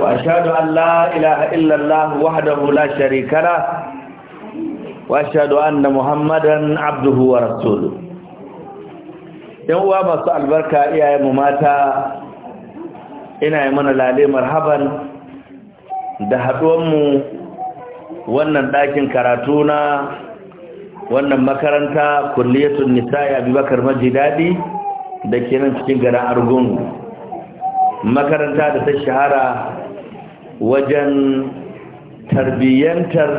وأشهد أن لا إله إلا الله وحده لا شريك له وأشهد أن محمدا عبده ورسوله يوم أمس البركة يا mata, ina yi mana lale marhaban da haɗuwanmu wannan ɗakin karatu na wannan makaranta kulliyatun nisa'i abubakar daɗi da ke nan cikin garin argungu makaranta da ta shahara wajen tarbiyyantar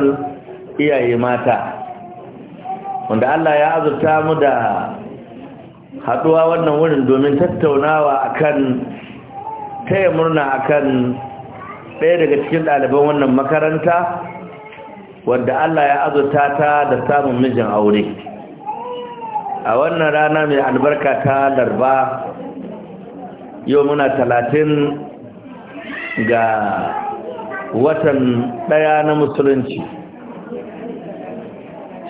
iyaye mata wanda Allah ya azurta mu da haduwa wannan wurin domin tattaunawa akan taya murna akan ɗaya daga cikin ɗaliban wannan makaranta wanda Allah ya azurta ta da samun mijin aure a wannan rana mai albarka ta larba yau muna talatin ga watan ɗaya na musulunci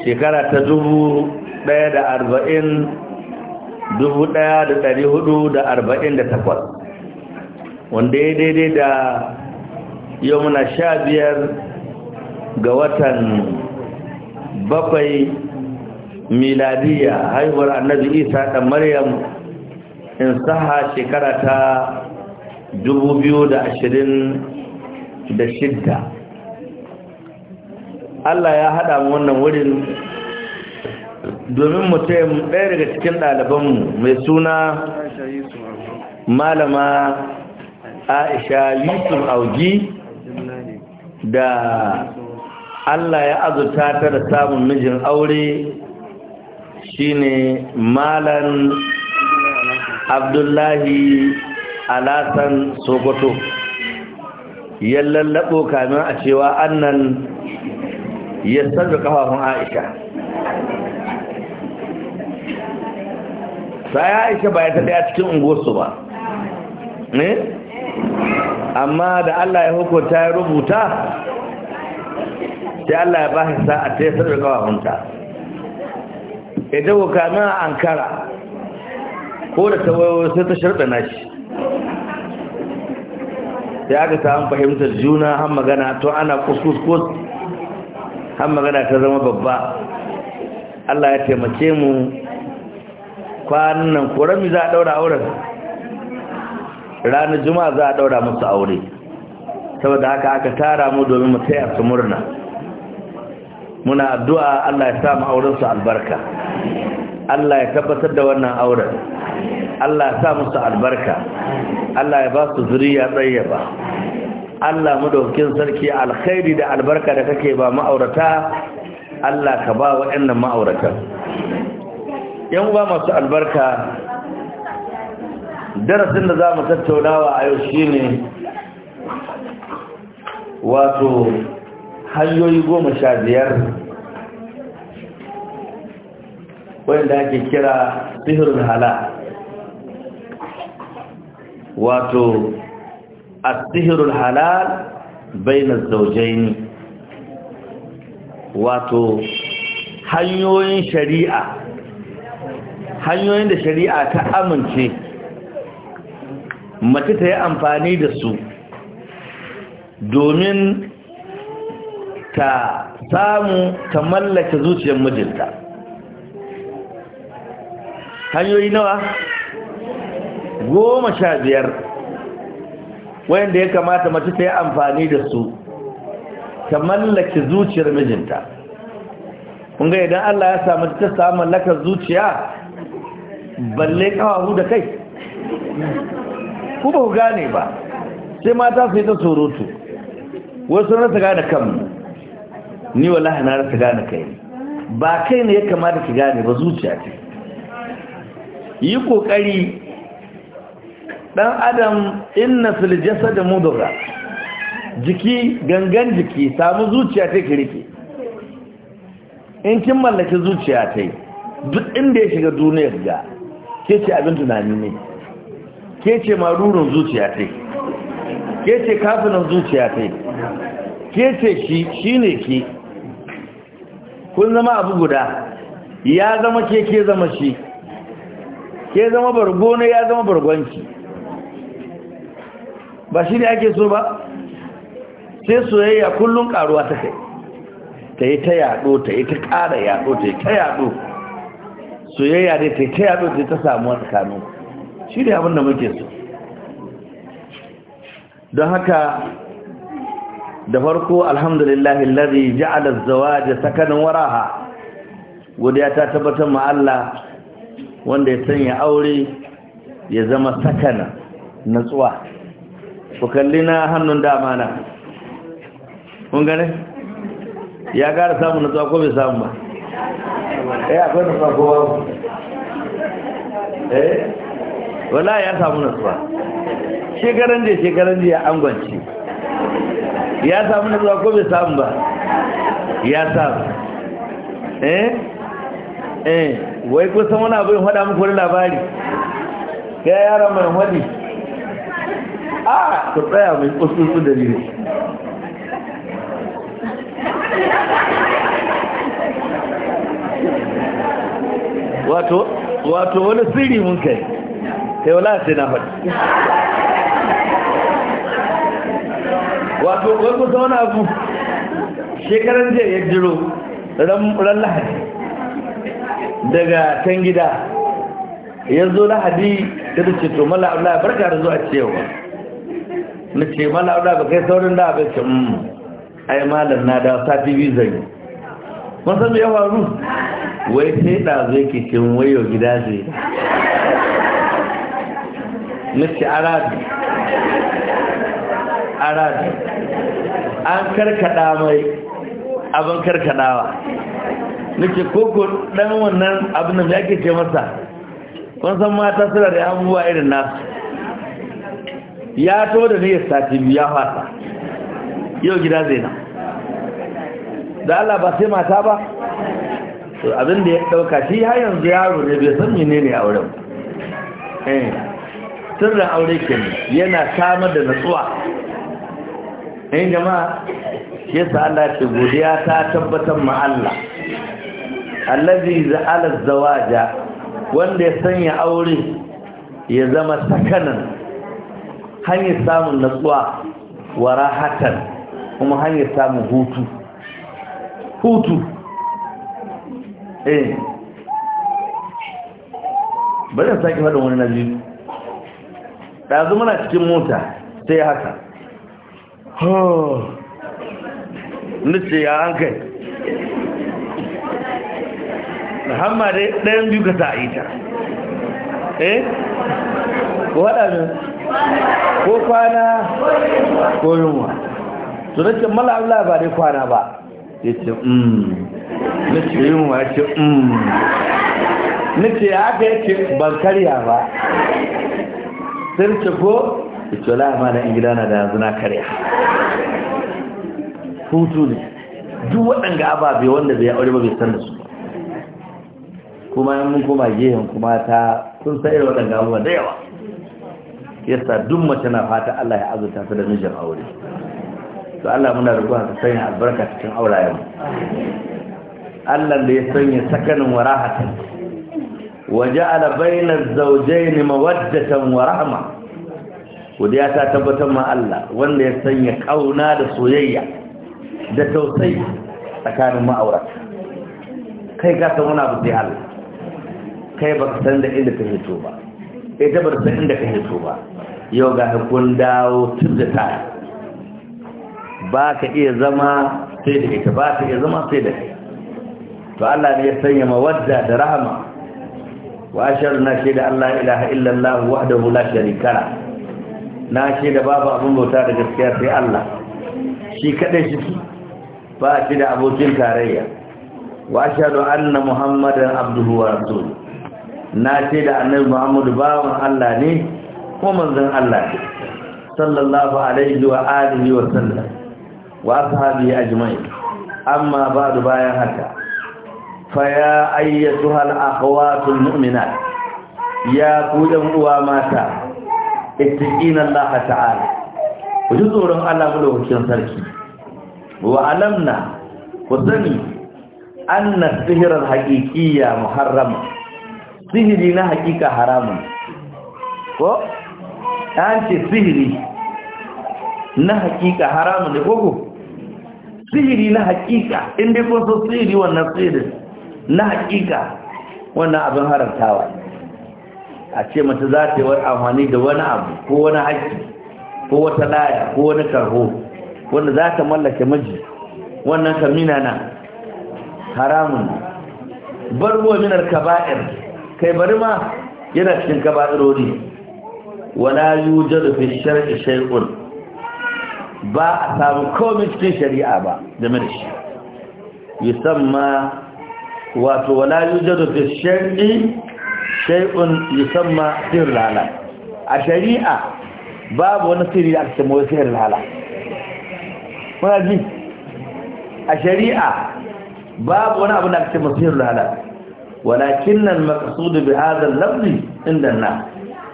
shekara ta dubu ɗaya da arba'in dubu ɗaya da ɗari hudu da arba'in da takwas wanda ya daidai da yau muna sha biyar ga watan bakwai miladiya haihuwar annabi isa da maryam in saha shekara ta dubu biyu da ashirin da shidda Allah ya haɗa mu wannan wurin domin mutum ɗaya daga cikin ɗalibanmu mai suna malama aisha yusuf auji da Allah ya azuta ta da samun mijin aure shine malan abdullahi alasan sokoto ya lallabo kamin a cewa annan ya sarra kafafun aisha sai aisha ba ya taɗa a cikin unguwarsu ba ne eh? amma da allah ya hukunta ya rubuta sai allah ya ba shi sa'a ta ya sarra kafafunta idan kamin a ankara ko da ta wayo sai ta sharɗa na shi Ya aka samu fahimtar juna han magana to ana kuskus Han magana ta zama babba Allah ya taimake mu kwanan nan za a daura auren ranar juma'a za a daura musu aure saboda haka aka tara mu domin mu taya su murna muna addu'a Allah ya sa mu auren su albarka Allah ya tabbatar da wannan auren Allah sa musu albarka Allah ya ba su zuriya tsayyaba Allah madaukakin sarki alkhairi da albarka da kake ba ma'aurata Allah ka ba waɗannan ma'auratan yan uwa masu albarka darasin da za mu tattaunawa a yau shine wato hanyoyi goma sha biyar wanda ake kira sihirin hala wato asihirul halal bainar zaujaini wato hanyoyin shari'a hanyoyin da shari'a ta amince mace ta yi amfani da su domin ta samu ta mallake zuciyar mijinta hanyoyi nawa goma sha biyar wanda ya kamata mace ta yi amfani da su ta mallaki zuciyar mijinta ga idan Allah ya samu ta samu laka zuciya balle kawahu da kai ku ba ku gane ba sai mata su yi ta surutu wasu rasa gane kanmu ni wallahi na rasa gane kai ba kai ne ya kamata ki gane ba zuciya ce yi kokari dan adam inna fil jasad mudghah jiki gangan jiki samu zuciya ta kirki in kin mallaki zuciya ta yi, duk inda ya shiga duniyar ga ke ce abin tunani ne ke ce marurin zuciya ta yi? ke ce kafinan zuciya ta yi? ke ce shi shine ke kun zama abu guda ya zama ke ke zama shi ke zama bargona ya zama bargonki ba shi ne ake so ba sai soyayya kullum karuwa ta kai ta yi ta yaɗo ta yi ta ƙara yaɗo ta yi ta yaɗo soyayya ne ta yi ta yaɗo ta yi ta samuwa tsakanin shi ne abin da muke so don haka da farko alhamdulillah lari ja'ala da sakanin waraha godiya ta tabbatar ma Allah wanda ya sanya aure ya zama sakana natsuwa ku kalli na hannun dama na kun gane ya gara samun nutsuwa ko bai samu ba eh akwai nutsuwa ba eh wala ya samu nutsuwa shekaran da shekaran da ya angwanci ya samu nutsuwa ko bai samu ba ya samu eh eh wai kusan wani abin hada muku wani labari ya yaran mai hadi a ku tsaya mai kusurku da ne wato wato wani sirri mun kai kai wala sai na faɗi wato wani kusa wani abu shekaran jiya ya jiro ran lahadi daga can gida ya zo lahadi ta da ce to mala'ula Allah barka da zuwa cewa na ce mana abu da kai saurin da abin ce mmm ai malar na da sati biyu zai mun san me ya faru wai sai da zai ke wai wayo gida zai na ce arabi arabi an karkada mai abin karkadawa ce koko dan wannan abin da yake ce masa kun san mata suna da abubuwa irin nasu ya to da niyyar sati biyu ya fata yau gida zai na da Allah ba sai mata ba to abin da ya dauka shi har yanzu yaro ne bai san menene auren eh sirrin aure ke yana samar da natsuwa eh jama'a shi yasa Allah ya ce godiya ta tabbatar ma Allah allazi za'ala zawaja wanda ya sanya aure ya zama sakanan hanyar samun natsuwa wa rahatan kuma hanyar samun hutu hutu eh bari in sake faɗin wani nazi ɗazu muna cikin mota sai haka nace ya an kai hamma dai ɗayan biyu ka ta ita eh waɗanda ko kwana ko yunwa to na mala Allah ba dai kwana ba ya ce mm na yunwa ya ce mm na ce ya aka ya ce ban karya ba sai ce ko ya ce la ma na ingila na da yanzu na karya hutu ne duk waɗanga ababe wanda bai aure ba bai san da su kuma yan mun koma gehen kuma ta sun sa irin waɗanga abubuwa da yawa yasa duk mace na fata Allah ya azurta ta da mijin aure to Allah muna rubuwa ka sanya albarka cikin aurayen Allah da ya sanya sakanin wa rahatan wa ja'ala bainaz zawjayn mawaddatan wa rahma ta tabbatar ma Allah wanda ya sanya kauna da soyayya da tausayi tsakanin ma'aurata kai ka san wani abu sai Allah kai ka san da inda ka fito ba ya dabar da inda ka hito ba yau ga kun dawo tun da ta ba ka iya zama sai da ita ba ka iya zama sai da ita to Allah ne ya sanya mawadda da rahama wa na shi da Allah ilaha illallah wahdahu la sharika la na shi da babu abun bauta da gaskiya sai Allah shi kadai shi ba shi da abokin tarayya wa ashhadu anna muhammadan abduhu wa rasuluhu na ce da annabi muhammadu bawan Allah ne ko manzon Allah ne sallallahu alaihi wa alihi wa sallam wa sahabi ajma'in amma ba'du bayan haka fa ya ayyatuha al-akhwatul mu'minat ya ku dan uwa mata ittaqina Allah ta'ala ku ji tsoron Allah lokacin sarki wa alamna ku sani anna sihr al-haqiqiyya muharrama sihiri na hakika haramun ko an ce sihiri na hakika haramun ne koko sihiri na hakika inda kun so sihiri wannan sihiri na hakika wannan abin haramtawa a ce mace za ta yi amfani da wani abu ko wani haƙƙi ko wata laya ko wani karho wanda za ta mallake miji wannan kamina na haramun barbo minar kaba'ir kai bari ma yana cikin kaba'irori wala yujadu fi shar'i shay'un ba a samu komai cikin shari'a ba game da shi yusamma wato wala yujadu fi shar'i shay'un yusamma sirrul halal a shari'a babu wani sirri da aka ce mawai sirrul halal kuna ji a shari'a babu wani abu da aka ce mawai sirrul walakin nan maqsudu bi hadha al na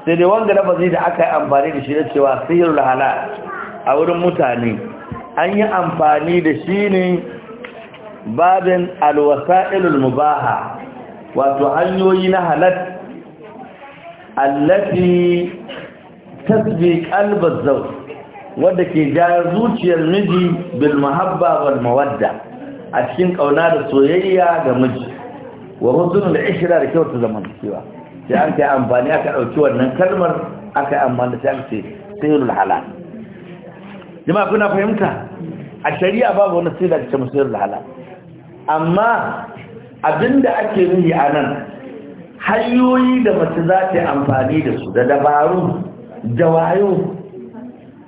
sai dai wanga lafazi da aka yi amfani da shi da cewa sihirul halal a wurin mutane an yi amfani da shi ne babin alwasa'ilul mubaha wato hanyoyi na halal allati tasbi qalbaz zawj wanda ke jayar zuciyar miji bil mahabba wal mawadda a cikin kauna da soyayya ga miji wa da ishra da kyautar cewa, sai an kai amfani aka ɗauki wannan kalmar aka amfani sai aka ce halal jama'a kuna fahimta a shari'a babu wani sai da ce musayyidul halal amma abinda ake nuni a nan hanyoyi da mace za ta amfani da su da dabaru da wayo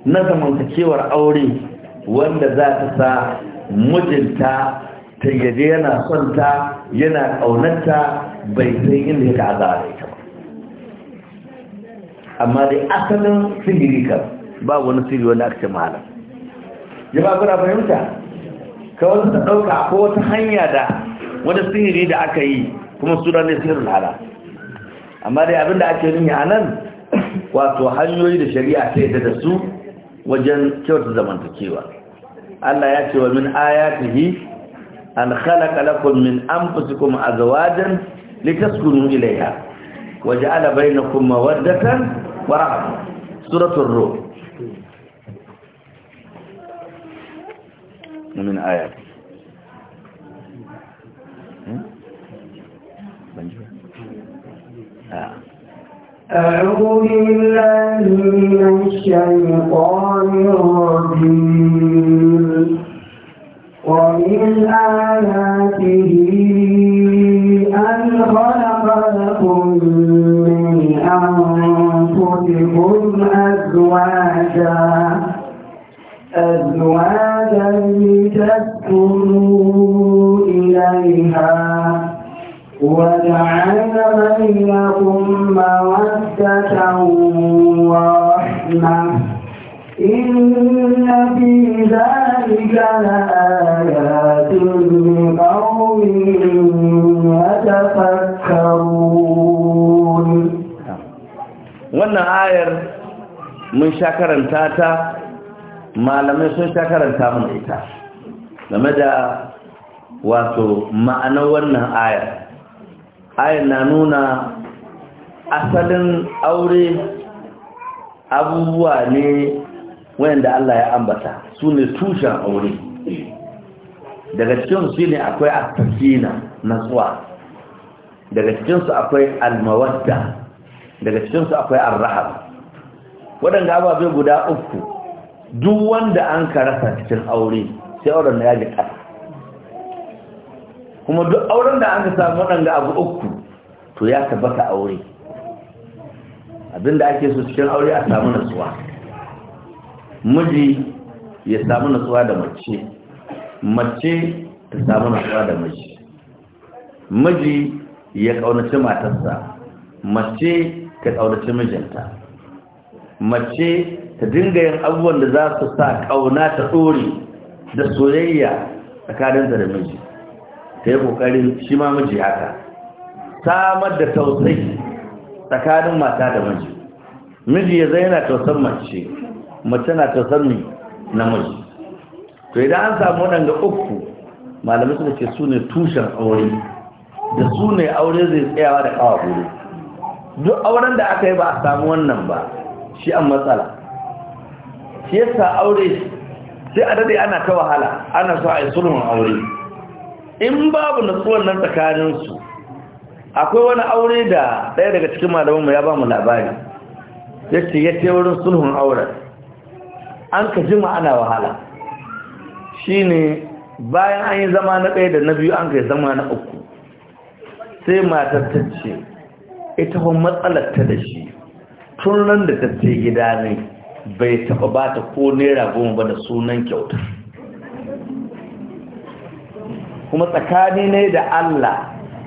na zamantakewar aure wanda za ta sa mijinta ta yaje yana son ta yana ƙaunarta bai san yadda yake azara ita ba amma dai asalin sihiri kan ba wani sihiri wani aka ce mahala ya ba kuna fahimta wasu ta ɗauka ko wata hanya da wani sihiri da aka yi kuma suna ne sihirin hala amma dai abinda ake nuni a nan wato hanyoyi da shari'a ta yadda da su wajen kyauta zamantakewa Allah ya ce wa min ayatihi أن خلق لكم من أنفسكم أزواجا لتسكنوا إليها وجعل بينكم مودة ورحمة سورة الروم من آيات أعوذ بالله من الشيطان الرجيم ومن آياته أن خلق لكم من أنفسكم أزواجا أزواجا لتسكنوا إليها وجعل بينكم مودة ورحمة إن في ذلك wannan ayar mun sha karanta ta malamai sun sha mun ita game da wato ma'anar wannan ayar ayar na nuna asalin aure abubuwa ne wanda Allah ya ambata su ne tushen aure daga cikin su ne akwai at na natsuwa daga cikin su akwai almawadda. daga cikin su akwai ar-rahab wadanda ababe guda uku duk wanda an karasa cikin aure sai auren ya ji kasa kuma duk auren da an ka samu wadanda abu uku to ya tabbata aure abinda ake so cikin aure a samu natsuwa miji ya samu nutsuwa da mace mace ta samu nutsuwa da miji miji ya kaunaci matarsa mace ta kaunaci mijinta mace ta dinga yin abubuwan da za su sa kauna ta tsori da soyayya tsakaninta da miji ta yi kokarin shi ma miji haka samar da tausayi tsakanin mata da miji miji ya zai yana tausan mace mace na tausan miji namiji to idan an samu waɗanda uku malamai suka ce su ne tushen aure da su ne aure zai tsayawa da kawa guri duk auren da aka yi ba a samu wannan ba shi an matsala shi yasa aure sai a daɗe ana ta wahala ana so a yi sulhun aure in babu nutsuwan nan tsakaninsu akwai wani aure da ɗaya daga cikin mu ya ba mu labari ya ce ya ce wurin sulhun auren an ka jima ana wahala shine bayan an yi zama na ɗaya da na biyu an kai zama na uku sai matar ta ce ita kuma matsalar ta da shi tun nan da ta ce gida ne bai taɓa ba ta ko naira goma ba da sunan kyauta kuma tsakani ne da Allah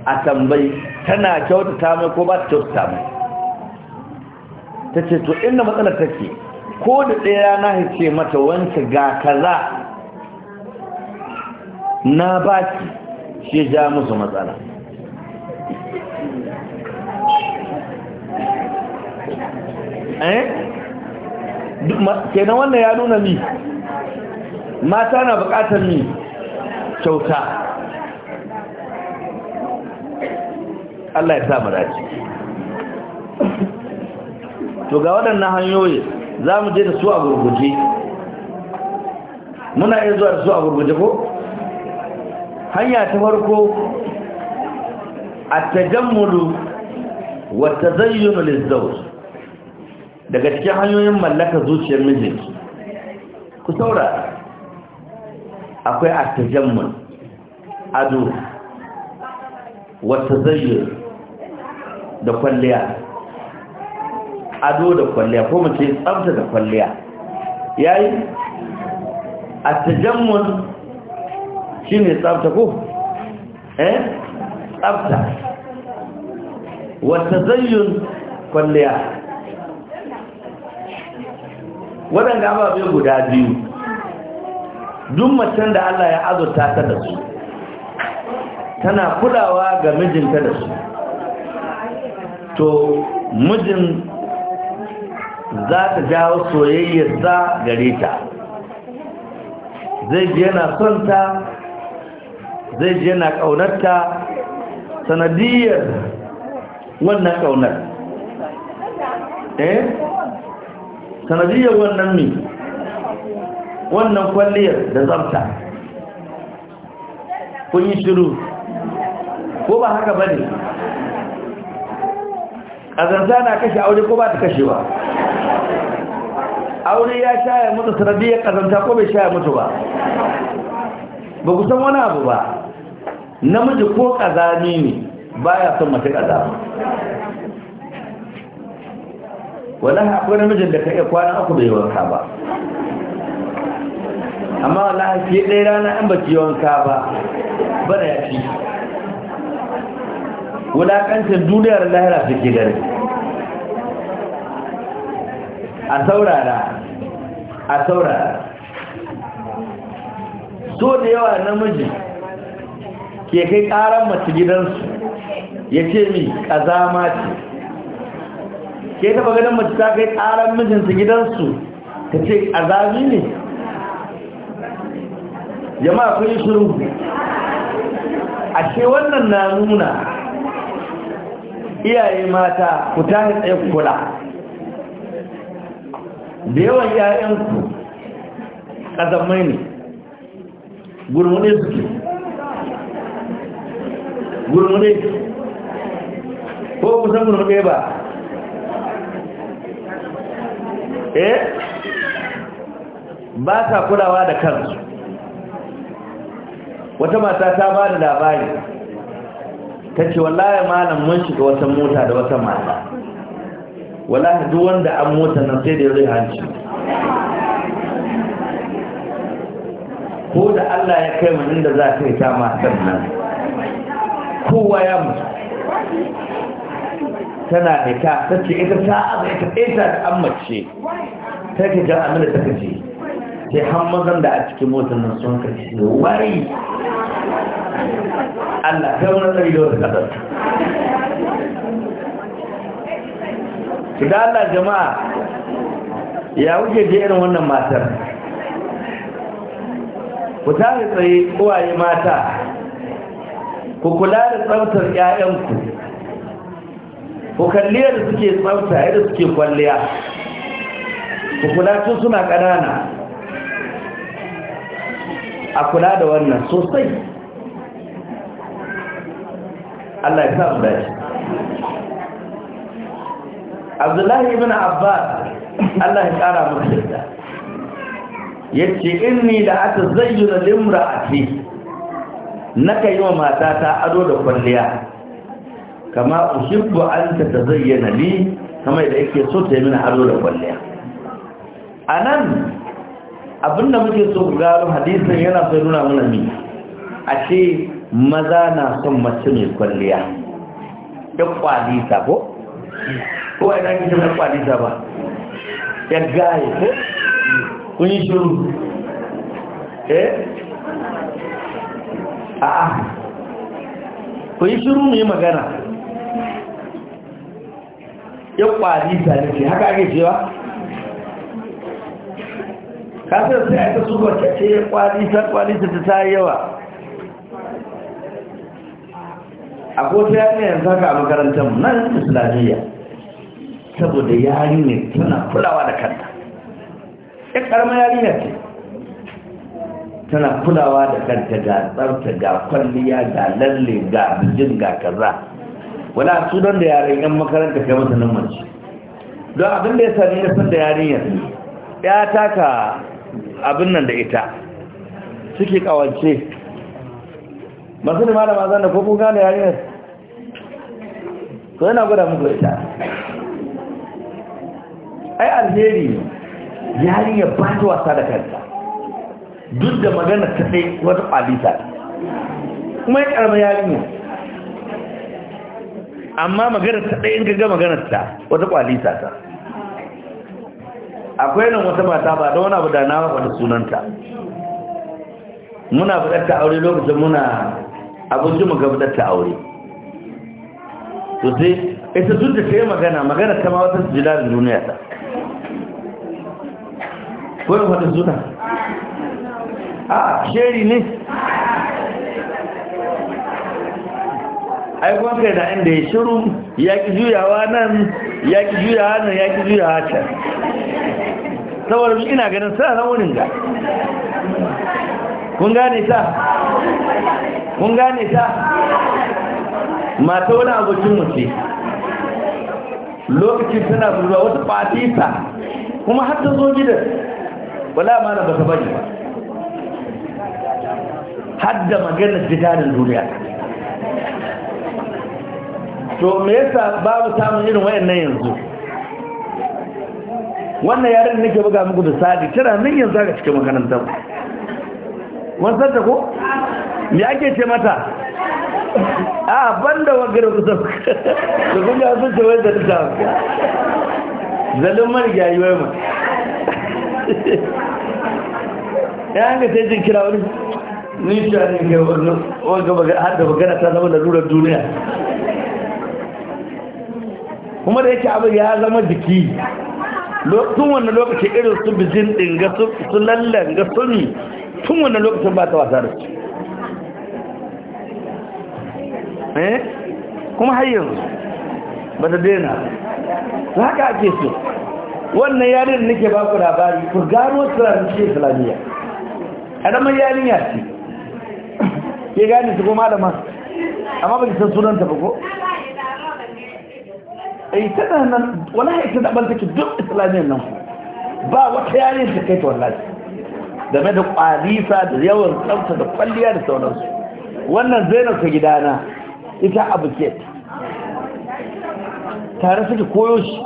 a tambayi tana kyautata mai ko ba ta ta mai ta ce to inda matsalar take ko da ɗaya rana ya ce mata wanta ga kaza na baki shi ja musu matsala eh kenan wannan ya nuna mi? mata na bukatar mi. kyauta Allah ya sa mu dace to ga waɗannan hanyoyi za mu je da su a gurguje muna yin zuwa da su a gurguje ko hanya ta farko a tajammulu wata zayyunu lizzaus daga cikin hanyoyin mallaka zuciyar mijin, ku saura akwai a tajammul ado wata zayyunu da kwalliya ado da kwalliya ko mace tsabta da kwalliya yayi at-tajammun shine tsabta ko eh tsabta wa tazayyun kwalliya wadanda bai guda biyu duk macen da Allah ya azurta ta da su tana kulawa ga mijinta da su to mijin za ta jawo soyayyarsa gare ta zai je yana son ta zai ji yana ƙaunarta sanadiyar wannan ƙaunar eh sanadiyar wannan mi wannan kwalliyar da zamta kun yi shiru ko ba haka ba ne ƙazanta na kashe aure ko ba ta kashewa aure ya sha ya mutu ya kazanta ko bai sha ya mutu ba ba ku san wani abu ba namiji ko kazani ne ba ya son mace kaza Wani akwai namijin da ka iya kwana uku bai wanka ba amma wallahi ke ɗaya rana an baki wanka ba bana ya ci wulaƙancin duniyar lahira suke gari? a saurara a saura so da yawa namiji ke kai karan mace gidansu ya ce mi ƙazama ce ke taba ganin mace ta kai karan mijinsu gidansu ta ce azami ne jama'a kun yi shiru a ce wannan na nuna iyaye mata ku tahi tsaye kula da yawan ‘ya'yanku ƙazamai ne gurmune suke gurmune ko kusan gurmune ba eh ba sa kulawa da kansu wata mata ta ba da labari ta ce wallaye malam mun shiga wata mota da wata mata wallahi duk wanda an mota nan sai da ya zai hanci ko da Allah ya kai mun inda za ka yi ta matan nan kowa ya mutu tana da ka sace ita ta aza ita ita ta ammace ta ke jan amina ta kace sai hammazan da a cikin motar nan sun kace wari Allah kai wani tsari da wata kasar da Allah jama'a ya wuce je irin wannan matar ku tare tsaye uwaye mata ku kula da tsaftar 'ya'yanku ku kalli yadda suke tsafta yadda suke kwalliya ku kula tun suna ƙanana a kula da wannan sosai Allah ya sa mu dace abdullahi ibn abbas Allah ya kara mu yarda yace inni la atazayyana limra'ati naka yi wa matata ado da kwalliya kama uhibbu an tatazayyana li kama da yake so ta yi mini ado da kwalliya anan abinda muke so ku gano hadisin yana sai nuna mana ni a ce maza na son mace mai kwalliya duk kwalita ko ko a nan na kwalita ba ya gaye eh? kun yi shuru eh a kun yi shuru mu yi magana ya kwalita ne haka ake cewa kasar sai aka suka kace ya eh, kwalita kwalita ta ta yawa a ko ta yanzu haka a makarantar nan islamiyya saboda yarinya tana kulawa da kanta ya karama yarinya ce tana kulawa da kanta ga tsarta ga kwalliya ga lalle ga bijin ga kaza wala su don da yaren yan makaranta kai masa nan mace don abin da ya sami ya san da yarinya ya taka abin nan da ita suke kawance masu da malama zan da ko kun gane yarinya ko yana gwada muku ita ai alheri ne yarinya ba ta wasa da kanta duk da magana ta sai wata kwalita kuma ya karama yarinya amma magana ta ɗaya in gaga magana ta wata kwalita ta akwai nan wata mata ba da wani abu da na faɗa sunanta muna faɗar ta aure lokacin muna abinci mu ga faɗar ta aure to sai ita duk da ta yi magana magana ta ma wata jidarin duniya ta wai faɗin suna a sheri ne ai kai da inda ya shiru ya ki juyawa nan ya ki juyawa nan ya ki juyawa can saboda ina ganin sa na wurin ga kun gane ta kun gane ta mata wani abokin mutu. lokacin suna zuwa wata fatisa kuma har ta zo gidan wala ma na ta bari ba hadda maganar jidanin duniya to me yasa babu samun irin wayannan yanzu wannan yaren da nake buga muku da sadi tana nan yanzu ga cikin makarantar wasan ta ko me ake ce mata a banda wagar kusa da kun ga sun ce wai da ta zalin marigayi wai ma ya hanga sai jin kira wani ni sha ne ga wanga har da magana ta zama lalurar duniya kuma da yake abu ya zama jiki tun wannan lokaci irin su bijin ɗinga su lallanga suni tun wannan lokacin ba ta wasa da su eh? kuma hayyar ba ta dena, su haka ake so wannan yarin nake ba ku labari ku gano turarci islamiyya ƙaramar yarinya ce ke gane su ko masu amma ba ki san sunanta ba ko ai eh, tana nan wallahi ita da banta ki duk islamiyyar nan ba wata yarinya ta kai ta wallahi mai da kwalisa da yawan tsafta da kwalliya da sauransu wannan zainab ta gidana ita abu ke tare suke koyo shi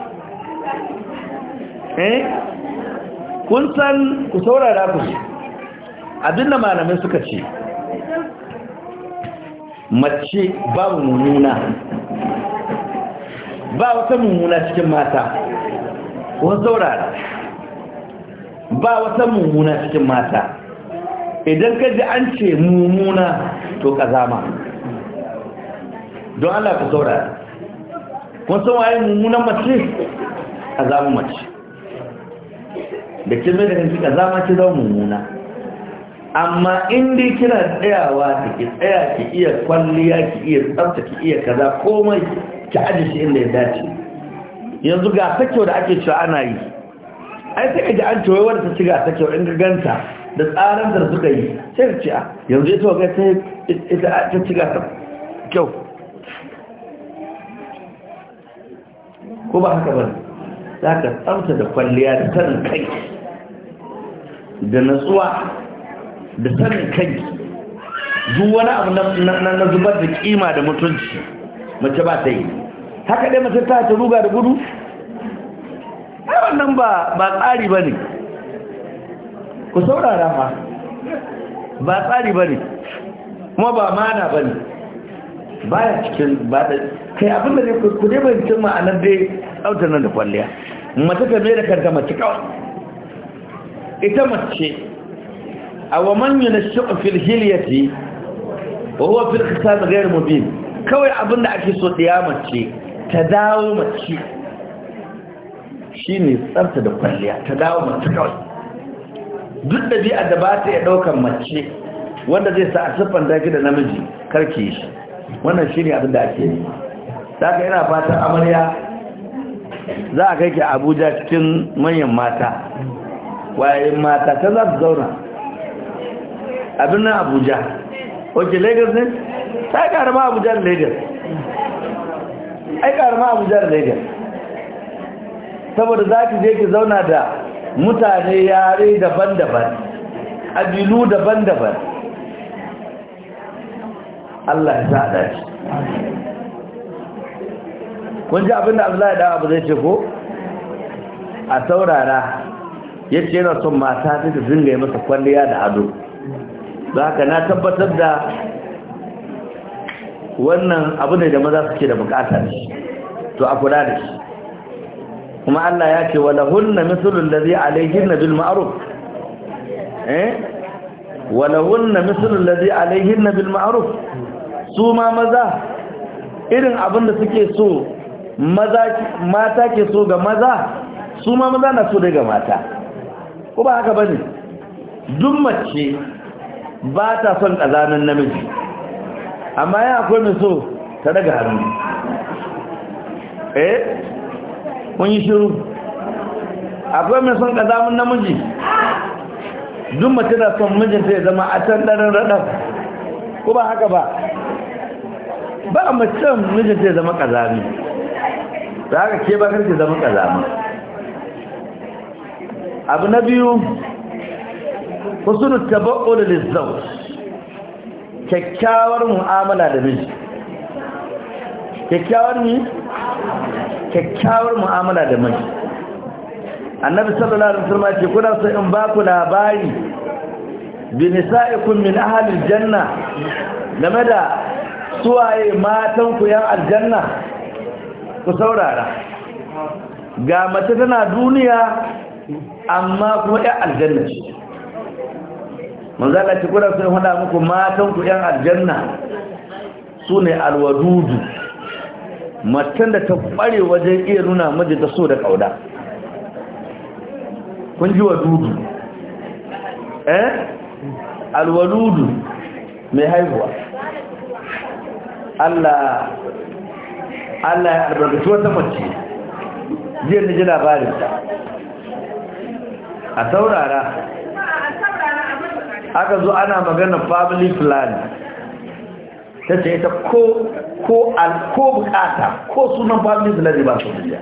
eh kun san ku saurara ku shi abinda malamin suka ce mace ba mummuna ba wata mummuna cikin mata ko saurara ba wata mummuna cikin mata idan ka ji an ce mummuna to ka zama, don Allah ka saurara kun san waye mummunan mace ka zama mace da kin mai da kanki zama ki zama mummuna amma in dai kina tsayawa da ki tsaya ki iya kwalliya ki iya tsafta ki iya kaza komai ki aje shi inda ya dace yanzu ga sakewa da ake cewa ana yi ai sai ka ji an cewa wanda ta ci ga sakewa in ka ganta da tsarin da suka yi sai ka ce a ah, yanzu ita ga ta ita ta ci ga kyau ko ba haka ba za ka tsafta da kwalliya da tarin kai da natsuwa da sanin kai duk wani abu na zubar da kima da mutunci mace ba ta yi haka dai mace ta ta ruga da gudu ai wannan ba ba tsari ba ne ku saurara fa ba tsari ba ne kuma ba mana ba ne ba ya cikin ba da kai abin da zai ku dai bayancin ma'anar dai tsautar nan da kwalliya mace ta mai da kanta mace kawai ita mace aw man yanashu fil hilyati wa huwa fil khitam ghayr mubin kawai da ake so diyama ce ta dawo mace shine tsarta da kwalliya ta dawo mace kawai duk dabi'a da ba ta ya daukan mace wanda zai sa a siffan daki da namiji karke shi wannan shine da ake yi daga ina fatan amarya za a kai ki abuja cikin manyan mata wayayin mata ta za su zauna a birnin abuja ok lagos ne ta yi karama abuja da lagos ai karama abuja da lagos saboda za ki je ki zauna da mutane yare daban-daban ƙabilu daban-daban allah ya sa shi kun ji abinda abu zai dawa ba zai ce ko a saurara ya ce yana son mata ta zinga yi masa kwalliya da ado za ka na tabbatar da wannan abu ne da maza suke da bukata ne to a kula da shi kuma Allah ya ce wala hunna mislul ladhi alayhinna bil ma'ruf eh wala hunna mislul ladhi alayhinna bil ma'ruf su ma maza irin abin da suke so maza mata ke so ga maza su ma maza na so daga mata ko ba haka bane duk mace ba ta son ƙazanin namiji amma ya akwai mai so ta daga hannu eh kun yi shiru akwai mai son ƙazamin namiji duk mace na son mijinta ya zama a can ɗarin raɗar ko ba haka ba ba a mace mijinta ya zama ƙazami da haka ke ba karki zama ƙazami abu na biyu husnul tabaqqul lizawj kyakkyawar mu'amala da miji kyakkyawar ni kyakkyawar mu'amala da miji annabi sallallahu alaihi wasallam ce kuna so in ba ku labari bi nisa'ikum min ahli aljanna game da suwaye matan ku yan aljanna ku saurara ga mace tana duniya amma kuma ya aljanna ce manzala ci kuna sai hada muku matan ku yan aljanna su ne alwadudu matan da ta ɓare wajen iya nuna miji ta so da kauda kun ji wadudu eh alwadudu mai haihuwa Allah Allah ya albarkaci wata mace jiya ni ji labarinta a saurara aka zo ana magana family plan, ta ce ita ko ko ko bukata ko sunan family plan ne ba su biya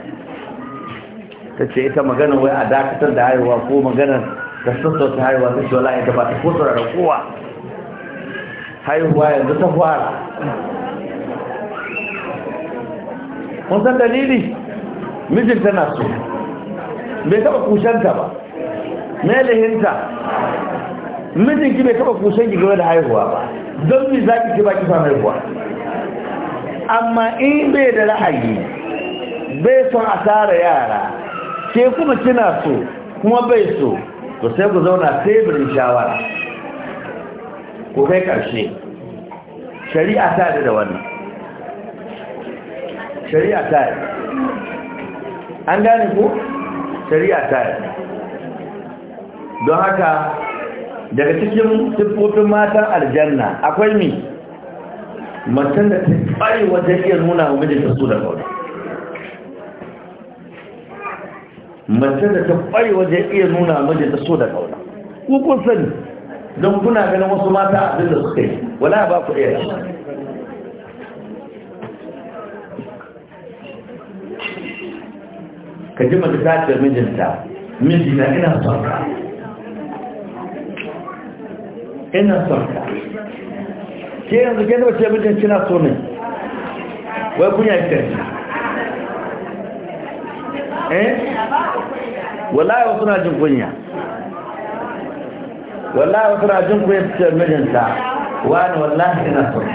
ta ce ita magana wai a dakatar da haihuwa ko magana da sassauta haihuwa ta ce wala ita ba ta ko da kowa haihuwa yanzu ta fara kun san dalili mijin tana so bai taɓa kushanta ba melihinta mijinki bai taba kusan ki game da haihuwa ba don mi za ki ba ki haihuwa amma in bai da ra'ayi bai son a tara yara ke kuma kina so kuma bai so to sai ku zauna teburin shawara ku kai ƙarshe shari'a ta da da wannan shari'a ta an gane ku shari'a ta don haka daga cikin siffofin matan aljanna akwai mi matan da ta kware wajen iya nuna wa mijinta su da kawai matan da ta kware wajen iya nuna wa mijinta su da kawai kukun sani don kuna ganin wasu mata abin da suka yi wala ba ku iya ka ji mata ta ce mijinta mijina ina son ka ina son ka ke yanzu ke zaba ce mijin kina so ne wai kunya ita eh wallahi wasu na jin kunya wallahi wasu na jin kunya ce mijinta wani wallahi ina son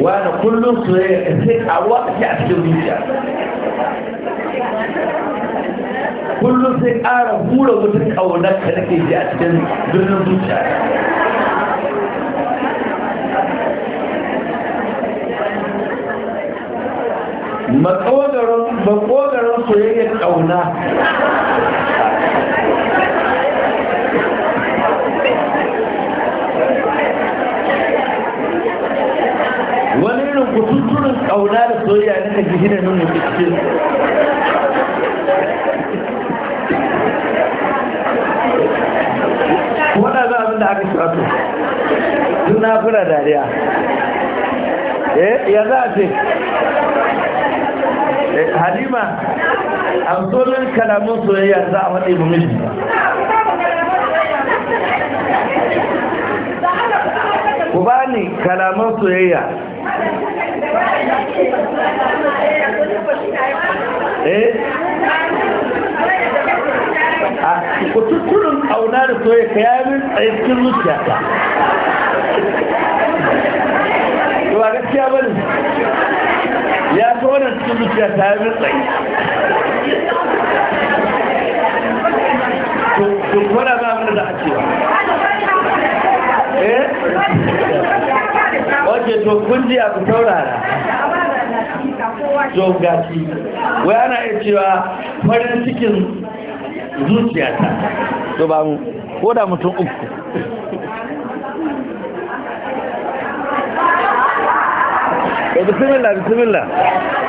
wani kullum su ne a wata a cikin zuciya kullum sai ƙara hura wata ƙaunar ka nake ji a cikin birnin zuciya makogaron soyayyar ƙauna wani irin kututturin ƙauna da soyayya na kaji nan mutu cikin da aka shi wato juna fura dariya eh ya za a ce eh, halima a kalamun soyayya za a matsayi mu miji ku ba ni kalamun soyayya eh ku kudin auna da soye ka yi min cikin zuciya ta ba gaskiya ba ne ya fi wannan cikin zuciya ta yi min tsaye ku kwana ba mana da a cewa eh wace to kun ji a ku saurara to gashi wai ana iya cewa farin cikin zuciyata to ba mu ko da mutum uku bismillah bismillah